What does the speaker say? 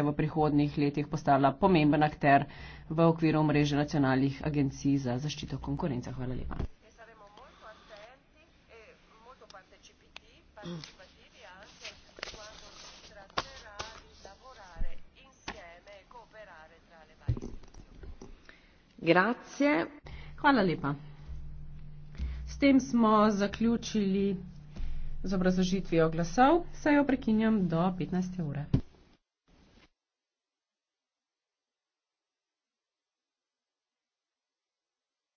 investicija v prihodnih letih postala pomemben akter v okviru mreže nacionalnih agencij za zaščito konkurenca. Hvala lepa. Grazie. Hvala lepa. S tem smo zaključili z obrazložitvijo glasov, saj jo prekinjam do 15. ure.